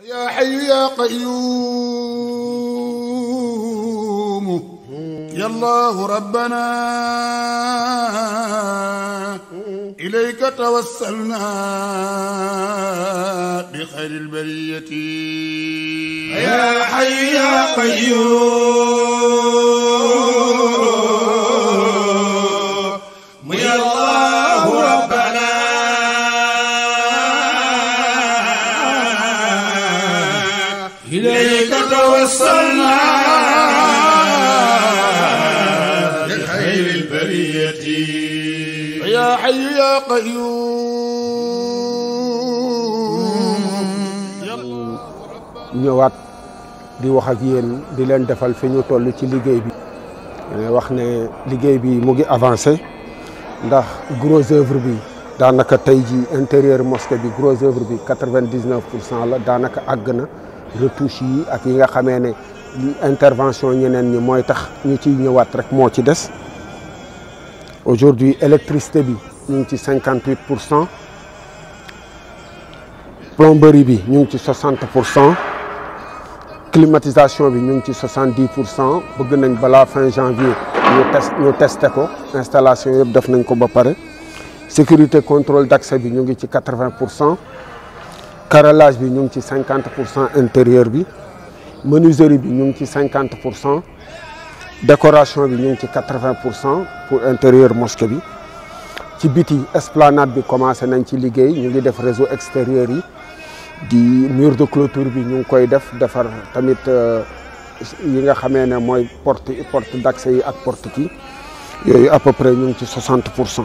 يا حي يا قيوم يا الله ربنا إليك توسلنا بخير البرية يا حي يا قيوم يا الله وصلنا لخير البرية يا حي يا قيوم ñëwaat di wax ak yéen di leen defal fi ñu toll ci liggéey bi wax ne liggéey bi mu ngi avancé ndax gros œuvre bi daanaka tey ji intérieur mosquée bi gros œuvre bi quatre-vingt-dix-neuf pour cent la daanaka àgg na retouches yi ak yi nga xamé né intervention ñeneen ñi moy tax ñu ci ñëwaat rek ci des aujourd'hui électricité bi ñu 58%. ci plomberie bi ñu 60%. ci climatisation bi ñu 70%. ci 70% bëgg nañ fin janvier ñu test ñu testé ko installation yëpp def nañ ko ba sécurité contrôle d'accès bi ñu ngi ci carrelage bi 50% intérieur bi menuiserie bi ñung décoration bi 80% pour l'intérieur de intérieur mosquée bi ci biti esplanade bi commencé nañ ci liggéey ñu ngi def réseau extérieur yi di de clôture bi ñung koy def euh, porte d'accès yi ak porte à peu près 60%.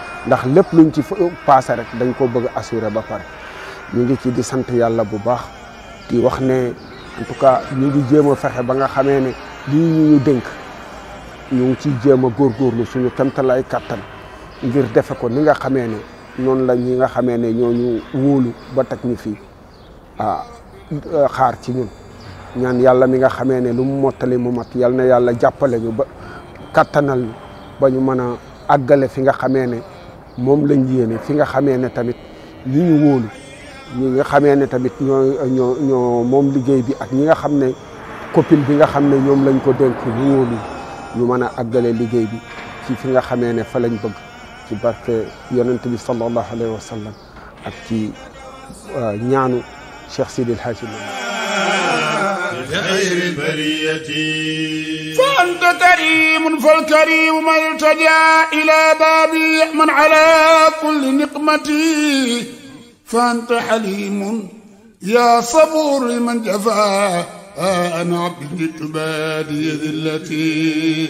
ndax lépp luñ ci passé rek dañ ko bëgg assuré ba pare ñu ngi ci di sant yàlla bu baax di wax ne en ñi cas ngi jéem a fexe ba nga xamee ne di ñu ñu dénk ñu ci ciy jéem a góorgóorlu suñu kemtalaay kàttan ngir defe ko ni nga xamee ne noonu la ñi nga xamee ne ñooñu wóolu ba teg ñu fi ah xaar ci ñun ñaan yàlla mi nga xamee ne lu mottali mu mat yal na yàlla jàppale ñu ba kàttanal ba ñu mën a àggale fi nga xamee ne moom lañ yéene fi nga xamee ne tamit li ñu wóolu ñi nga xamee ne tamit ñoo ñoo moom liggéey bi ak ñi nga xam ne copine bi nga xam ne ñoom lañ ko dénk ñu wóolu ñu mën a àggale liggéey bi ci fi nga xamee ne fa lañ bëgg ci barke yonent bi sallallahu alayhi wa sallam ak ci euh, ñaanu Cheikh Sidil Hadji غير البرية فأنت كريم فالكريم ما التجا إلى بابي يأمن على كل نقمتي فأنت حليم يا صبور من جفا أنا عبدت بادي ذلتي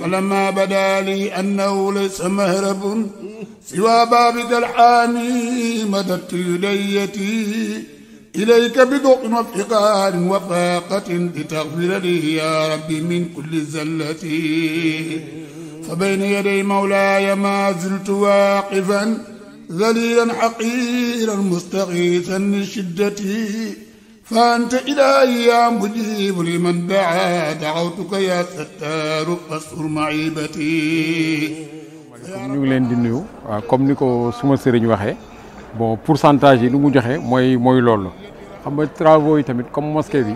فلما بدا لي أنه ليس مهرب سوى بابك الحامي مددت يديتي إليك بذوق وافتقار وفاقة لتغفر لي يا ربي من كل زلة فبين يدي مولاي ما زلت واقفا ذليلا حقيرا مستغيثا لشدتي فأنت إلهي يا مجيب لمن دعا دعوتك يا ستار فاستر معيبتي. bon pourcentage lu mu joxe moy moy lolu xam nga travaux yi tamit comme mosquée bi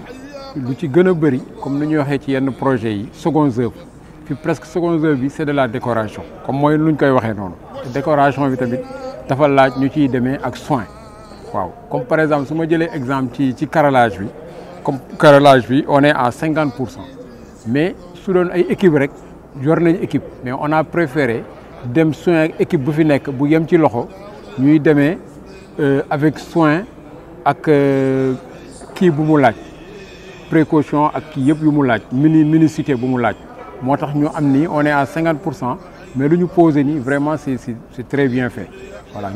lu ci gëna bëri comme ni ñu waxee ci yenn projet yi secondes œuvres fi presque secondes œuvres bi c'est de la décoration comme mooy luñ koy waxee non décoration bi tamit dafa laaj ñu ci démé ak soin waaw comme par exemple suma jëlé exemple ci ci carrelage bi comme carrelage bi on est à cinquante pour cent mais su doon ay équipe rek yor nañ équipe mais on a préféré dem soin ak équipe bu fi nekk bu yem ci loxo ñuy demee euh, avec soin et euh, qui précaution ak qui mini cité Nous Moi, on est à 50 mais nous que vraiment c'est très bien fait voilà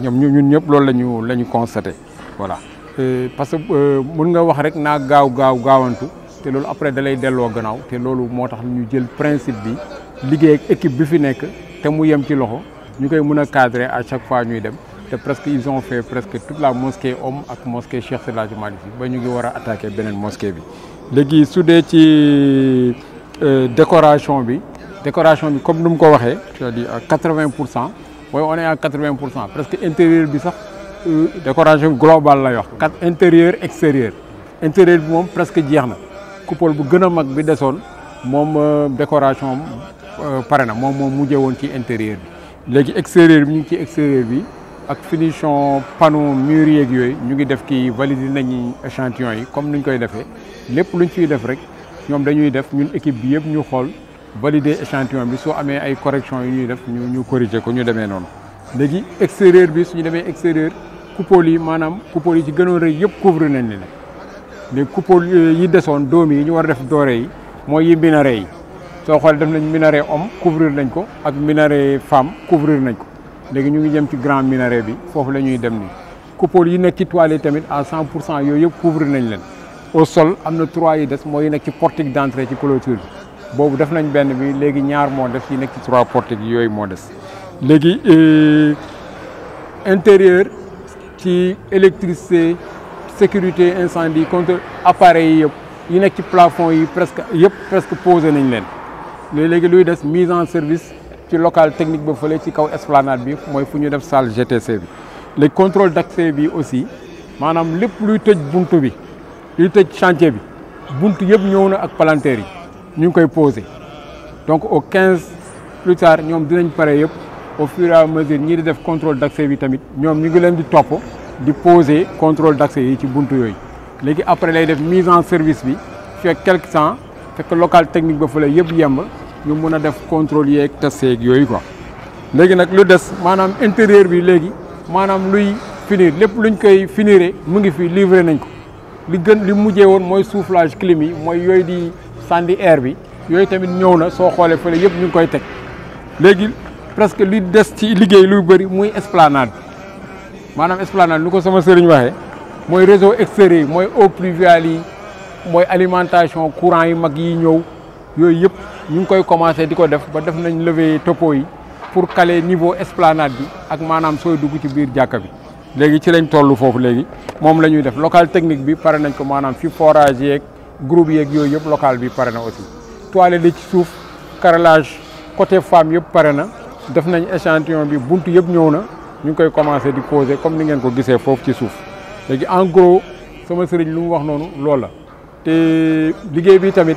nous voilà. Euh, parce que nous nga wax rek gaw après da lay nous principe bi ak équipe bi fi cadrer à chaque fois te presque ils ont fait presque toute la mosquée Homme la mosquée Cheikh Sela Jumaali ba ñu ngi wara attaqué mosquée bi. léegi soudé ci euh, décoration bi décoration bi comme nous ko waxé c'est-à-dire à dire à 80%. on est à 80% presque intérieur bi sax euh, décoration globale intérieur extérieur intérieur bi presque jeex coupole bu gën a mag bi euh, décoration euh, na moom moo mujjee ci intérieur bi léegi extérieur extérieur bi ak finition panneau mur yeeg yooyu ñu ngi def ki valider nañu échantillon yi comme nuñ koy defee lépp luñ ciy def rek ñom dañuy def ñun équipe bi yëpp ñu xol valider échantillon bi soo amé ay correction yu ñuy def ñu ñu corriger ko ñu démé non légui extérieur bi suñu démé extérieur coupole yi maanaam coupole yi ci gënon rëy yëpp couvrir nañ leen léegi coupole euh, yi desoon doom yi ñu war def doré yi mooy yi minaret yi soo xoolee def nañ minaret homme couvrir nañ ko ak minaret femme couvrir nañ ko léegi ñu ngi jëm ci grand minaret bi foofu la ñuy dem ni coupole yi nekk ci toilettes tamit à 100 pour cent yooyu yëpp couvrir nañ leen au sol am trois yi des mooy nekk ci portique d' entrée ci clôture bi boobu def nañ benn bi léegi ñaar moo def yi nekk ci trois portiques yooyu moo des léegi euh, intérieur ci électricité sécurité incendie contre appareils yi yëpp yi nekk ci plafond yi presque yëpp presque posé nañ leen léegi luy des mise en service ci local technique ba feulé ci kaw esplanade bi moy fuñu def salle GTC bi les contrôle d'accès bi aussi manam lepp luy tëj buntu bi luy tëj chantier bi buntu yeb ñëw na ak palanteer yi ñu koy posé donc au 15 plus tard ñoom dinañ paré yeb au fur et à mesure ñi di def contrôle d'accès bi tamit ñom ñu ngi leen di top di poser contrôle d'accès yi ci buntu yoy légui après lay def mise en service bi fekk quelques temps que local technique ba feulé yeb yemb ñu mun a def contrôle yeeg test yeeg yooyu ko léegi nag lu des maanaam intérieur bi léegi maanaam luy finir lépp luñ koy finiré mu ngi fi livré nañ ko li gën li mujjee woon mooy soufflage clim yi mooy yooyu di sandi air bi yooyu tamit ñëw na soo xoolee fële yëpp ñu ngi koy teg léegi presque li des ci liggéey luy bëri muy esplanade maanaam esplanade lu ko sama sëriñ waxee mooy réseau yi mooy eaux pluviales yi mooy alimentation courant yi mag yi ñëw yooyu yëpp ñu ngi koy commencé di ko def ba def nañ lever topo yi pour caler niveau esplanade bi ak maanaam sooy dugg ci biir jàkka bi léegi ci lañ toll foofu léegi moom la ñuy def local technique bi pare nañ ko maanaam fi forage yeeg groupe yeeg yooyu yëpp local bi pare na aussi toilette li ci suuf carrelage côté femme yëpp pare na def nañ échantillon bi bunt yëpp ñëw na ñu ngi koy commencé di poser comme ni ngeen ko gisee foofu ci suuf léegi en gros sama sëriñ lu mu wax noonu loola te liggéey bi tamit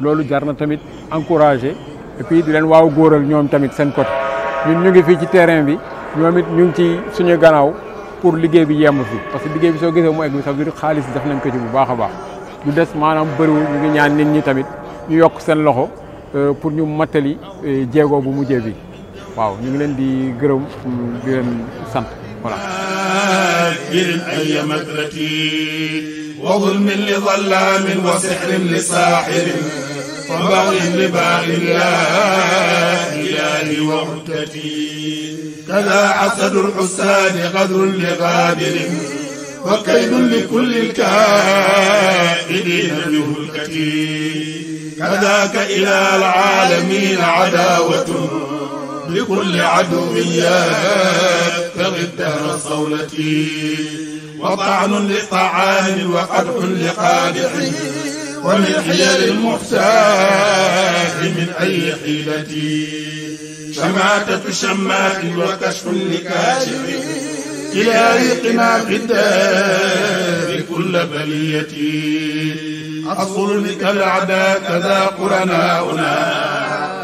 loolu jar na tamit encouragé et puis di leen waaw góoral ñoom tamit seen côté ñun ñu ngi fii ci terrain bi ñoom it ñu ngi ci suñu gannaaw pour liggéey bi yemb fi parce que liggéey bi soo gisee mu egg bi ça veut dire xaalis def nañ ko ci bu baax a baax du des maanaam bëriwul ñu ngi ñaan nit ñi tamit ñu yokk seen loxo pour ñu matali jéego bu mujjee bi waaw ñu ngi leen di gërëm di leen sant voilà. وظلم لظلام وسحر لساحر وباغ لباغ لا إلهي وعدتي كذا حسد الحسان غدر لغادر وكيد لكل الكائدين بهلكتي كذاك إلى العالمين عداوة لكل عدو يبتغي الدهر صولتي وطعن لطعام وقدح لقادح ومن حيل المحتاج من أي حيلة شماتة شماء وكشف لكاشف إلى ريقنا في الدار كل بلية أصل لك العدا كذا قرناؤنا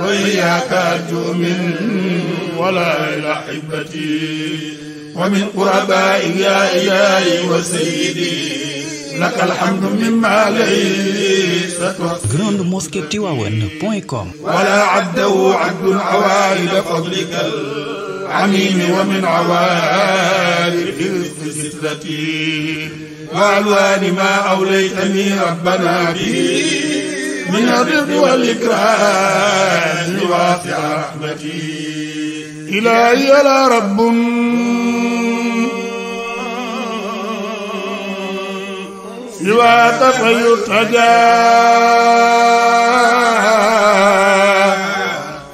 وإياك أرجو من ولا إلى حبتي ومن قربائي يا إلهي وسيدي لك الحمد مما ليس Grande Mosquée Tiwawan.com ولا عده عبد عوائد فضلك العميم ومن عوائد سترتي وألوان ما أوليتني ربنا به من الرضا والإكرام واسع رحمتي إلهي لا رب سوى تطي الرجاء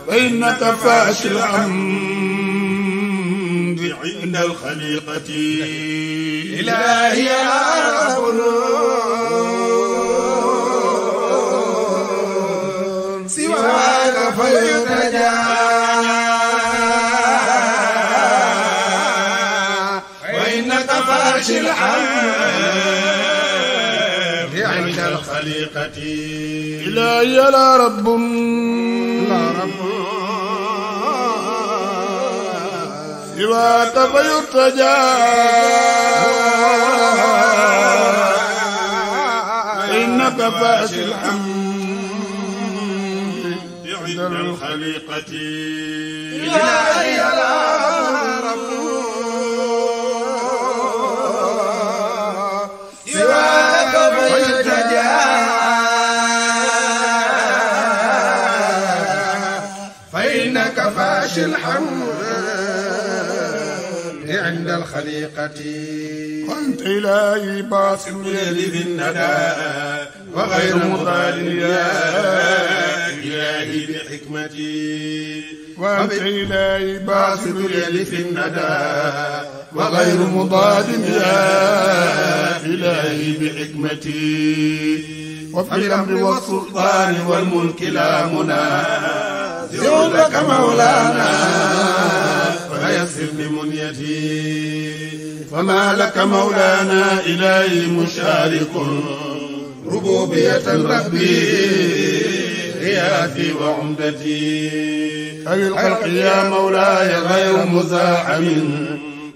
فإنك فاش الحمد عند الخليقة إلهي يا رب سواك فيرتجى وإنك فاش الحمد عند الخليقة إلهي لا رب لا رب سوى تبي الرجاء إنك فأتي الحمد عند الخليقة إلهي الحمد عند الخليقة وأنت إلهي باسم في الندى وغير مضال يا إلهي بحكمتي وأنت إلهي باسم في الندى وغير مضاد يا إلهي بحكمتي وفي الأمر والسلطان والملك لا منام جودك مولانا فيسر لمنيتي فما لك مولانا إلهي مشارق ربوبية ربي حياتي وعمدتي أي الخلق يا مولاي غير مزاحم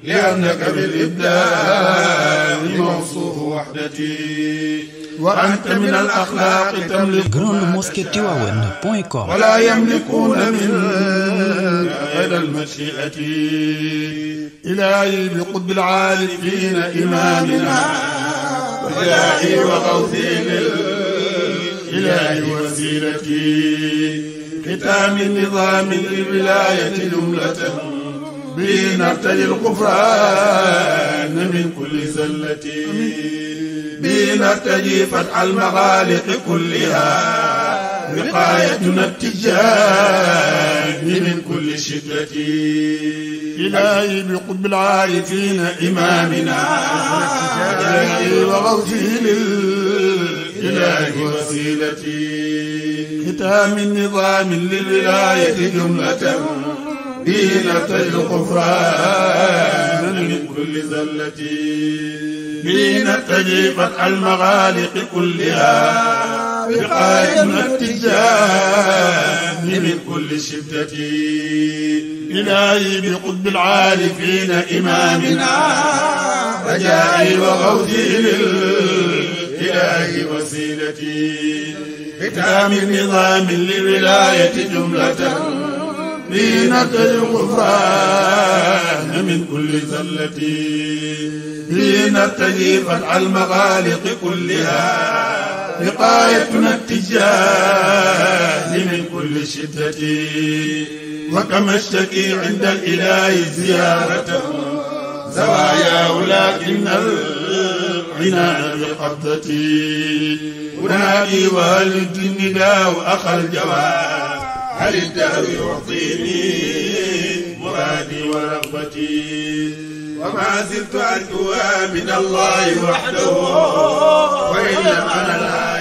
لأنك بالإبداع موصوف وحدتي وأنت من الأخلاق تملك ولا يملكون منك غير المشيئة إلهي بقطب العارفين إمامنا وإلهي وغوثي للإله وسيلتي ختام النظام للولاية جملة نرتدي الغفران من كل زلتي بنا ارتجي فتح المغالق كلها وقايتنا التجار من كل شدة إلهي بقطب العارفين إمامنا إلهي وغوثه للإله وسيلتي ختام النظام للولاية جملة دين الغفران من كل زلتي لين تجيبت المغالق كلها بقائمة التجان من كل شدة إلهي بقطب العارفين إمامنا رجائي وغوثي للإله وسيلتي ختام نظام للولاية جملة زينة الغفران من كل زلة لنرتجي فتح المغالق كلها لقايتنا التجاه من كل شدة وكم اشتكي عند الإله زيارته زوايا ولكن العنان بقبضتي أنادي والد النداء أخا الجواب هل الدهر يعطيني مرادي ورغبتي وما زلت أرجو من الله وحده وإلا أنا الآن